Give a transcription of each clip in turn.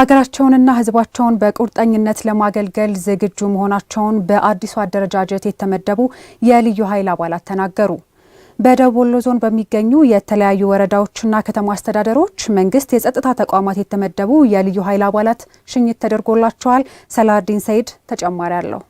ሀገራቸውንና ሕዝባቸውን በቁርጠኝነት ለማገልገል ዝግጁ መሆናቸውን በአዲሱ አደረጃጀት የተመደቡ የልዩ ኃይል አባላት ተናገሩ። በደቡብ ወሎ ዞን በሚገኙ የተለያዩ ወረዳዎችና ከተማ አስተዳደሮች መንግስት የጸጥታ ተቋማት የተመደቡ የልዩ ኃይል አባላት ሽኝት ተደርጎላቸዋል። ሰላዲን ሰይድ ተጨማሪ አለው።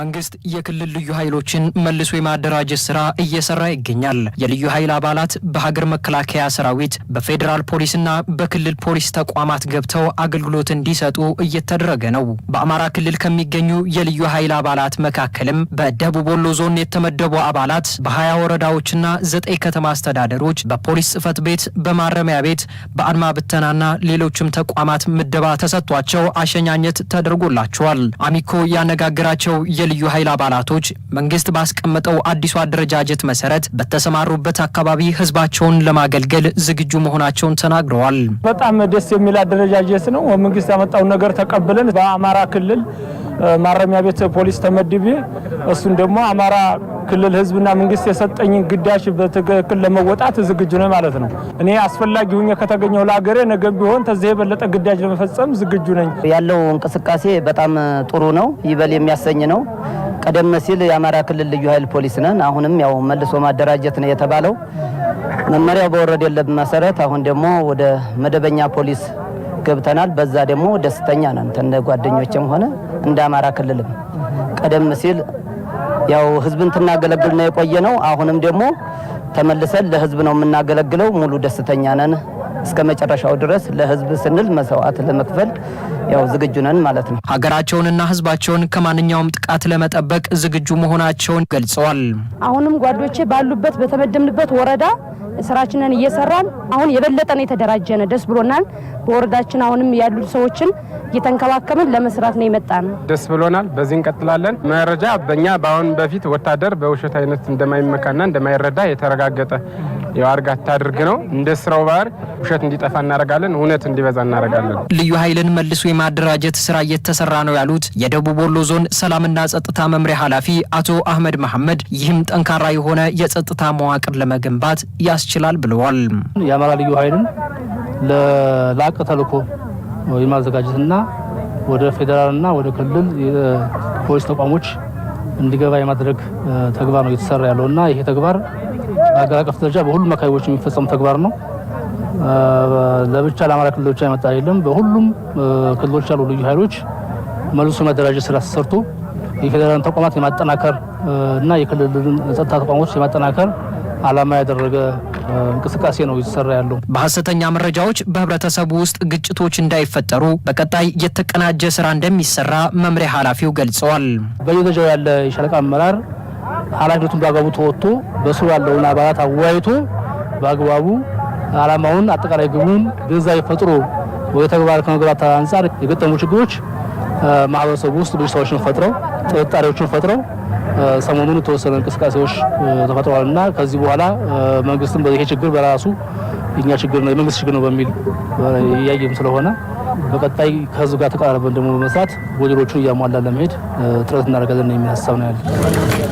መንግስት የክልል ልዩ ኃይሎችን መልሶ የማደራጀት ስራ እየሰራ ይገኛል። የልዩ ኃይል አባላት በሀገር መከላከያ ሰራዊት፣ በፌዴራል ፖሊስና በክልል ፖሊስ ተቋማት ገብተው አገልግሎት እንዲሰጡ እየተደረገ ነው። በአማራ ክልል ከሚገኙ የልዩ ኃይል አባላት መካከልም በደቡብ ወሎ ዞን የተመደቡ አባላት በሀያ ወረዳዎችና ዘጠኝ ከተማ አስተዳደሮች በፖሊስ ጽህፈት ቤት፣ በማረሚያ ቤት፣ በአድማ ብተናና ሌሎችም ተቋማት ምደባ ተሰጥቷቸው አሸኛኘት ተደርጎላቸዋል። አሚኮ ያነጋገራቸው የልዩ ኃይል አባላቶች መንግስት ባስቀመጠው አዲሱ አደረጃጀት መሰረት በተሰማሩበት አካባቢ ህዝባቸውን ለማገልገል ዝግጁ መሆናቸውን ተናግረዋል። በጣም ደስ የሚል አደረጃጀት ነው። መንግስት ያመጣውን ነገር ተቀብለን በአማራ ክልል ማረሚያ ቤት ፖሊስ ተመድቤ እሱን ደግሞ አማራ ክልል ህዝብና መንግስት የሰጠኝን ግዳጅ በትክክል ለመወጣት ዝግጁ ነ ማለት ነው። እኔ አስፈላጊ ሁኜ ከተገኘው ለሀገሬ ነገ ቢሆን ተዚህ የበለጠ ግዳጅ ለመፈጸም ዝግጁ ነኝ። ያለው እንቅስቃሴ በጣም ጥሩ ነው፣ ይበል የሚያሰኝ ነው። ቀደም ሲል የአማራ ክልል ልዩ ኃይል ፖሊስ ነን፣ አሁንም ያው መልሶ ማደራጀት ነው የተባለው። መመሪያው በወረድ የለብ መሰረት አሁን ደግሞ ወደ መደበኛ ፖሊስ ገብተናል። በዛ ደግሞ ደስተኛ ነን፣ እንደ ጓደኞችም ሆነ እንደ አማራ ክልልም ቀደም ሲል ያው ህዝብን ትናገለግል ነው የቆየ ነው። አሁንም ደግሞ ተመልሰን ለህዝብ ነው የምናገለግለው። ሙሉ ደስተኛ ነን። እስከ መጨረሻው ድረስ ለህዝብ ስንል መስዋዕት ለመክፈል ያው ዝግጁ ነን ማለት ነው። ሀገራቸውንና ህዝባቸውን ከማንኛውም ጥቃት ለመጠበቅ ዝግጁ መሆናቸውን ገልጸዋል። አሁንም ጓዶቼ ባሉበት በተመደምንበት ወረዳ ስራችንን እየሰራን አሁን የበለጠን የተደራጀነ ደስ ብሎናል። በወረዳችን አሁንም ያሉ ሰዎችን እየተንከባከብን ለመስራት ነው የመጣ ነው። ደስ ብሎናል። በዚህ እንቀጥላለን። መረጃ በእኛ በአሁን በፊት ወታደር በውሸት አይነት እንደማይመካና እንደማይረዳ የተረጋገጠ የዋርጋ አታድርግ ነው። እንደ ስራው ባህር ውሸት እንዲጠፋ እናረጋለን፣ እውነት እንዲበዛ እናደርጋለን። ልዩ ኃይልን መልሶ የማደራጀት ስራ እየተሰራ ነው ያሉት የደቡብ ወሎ ዞን ሰላምና ጸጥታ መምሪያ ኃላፊ አቶ አህመድ መሐመድ፣ ይህም ጠንካራ የሆነ የጸጥታ መዋቅር ለመገንባት ያስችላል ብለዋል። የአማራ ልዩ ኃይልን ለላቀ ተልዕኮ የማዘጋጀትና ወደ ፌዴራልና ወደ ክልል ፖሊስ ተቋሞች እንዲገባ የማድረግ ተግባር ነው እየተሰራ ያለውና ይሄ ተግባር በሀገር አቀፍ ደረጃ በሁሉም አካባቢዎች የሚፈጸሙ ተግባር ነው። ለብቻ ለአማራ ክልሎች የመጣ አይደለም። በሁሉም ክልሎች ያሉ ልዩ ኃይሎች መልሶ መደራጀት ስራ ተሰርቶ የፌዴራል ተቋማት የማጠናከር እና የክልልን ጸጥታ ተቋሞች የማጠናከር ዓላማ ያደረገ እንቅስቃሴ ነው እየተሰራ ያለው። በሀሰተኛ መረጃዎች በህብረተሰቡ ውስጥ ግጭቶች እንዳይፈጠሩ በቀጣይ የተቀናጀ ስራ እንደሚሰራ መምሪያ ኃላፊው ገልጸዋል። በየደረጃው ያለ የሻለቃ አመራር ኃላፊነቱን በአግባቡ ተወጥቶ በስሩ ያለውን አባላት አወያይቶ በአግባቡ አላማውን አጠቃላይ ግቡን ግንዛቤ ፈጥሮ ወደ ተግባር ከመግባት አንጻር የገጠሙ ችግሮች ማህበረሰቡ ውስጥ ብዥታዎችን ፈጥረው ጥርጣሬዎችን ፈጥረው ሰሞኑን የተወሰነ እንቅስቃሴዎች ተፈጥረዋል እና ከዚህ በኋላ መንግስትም ይሄ ችግር በራሱ የኛ ችግር ነው የመንግስት ችግር ነው በሚል እያየም ስለሆነ በቀጣይ ከህዝብ ጋር ተቀራርበን ደግሞ በመስራት ጎደሎቹን እያሟላ ለመሄድ ጥረት እናደርጋለን የሚል ሀሳብ ነው ያለ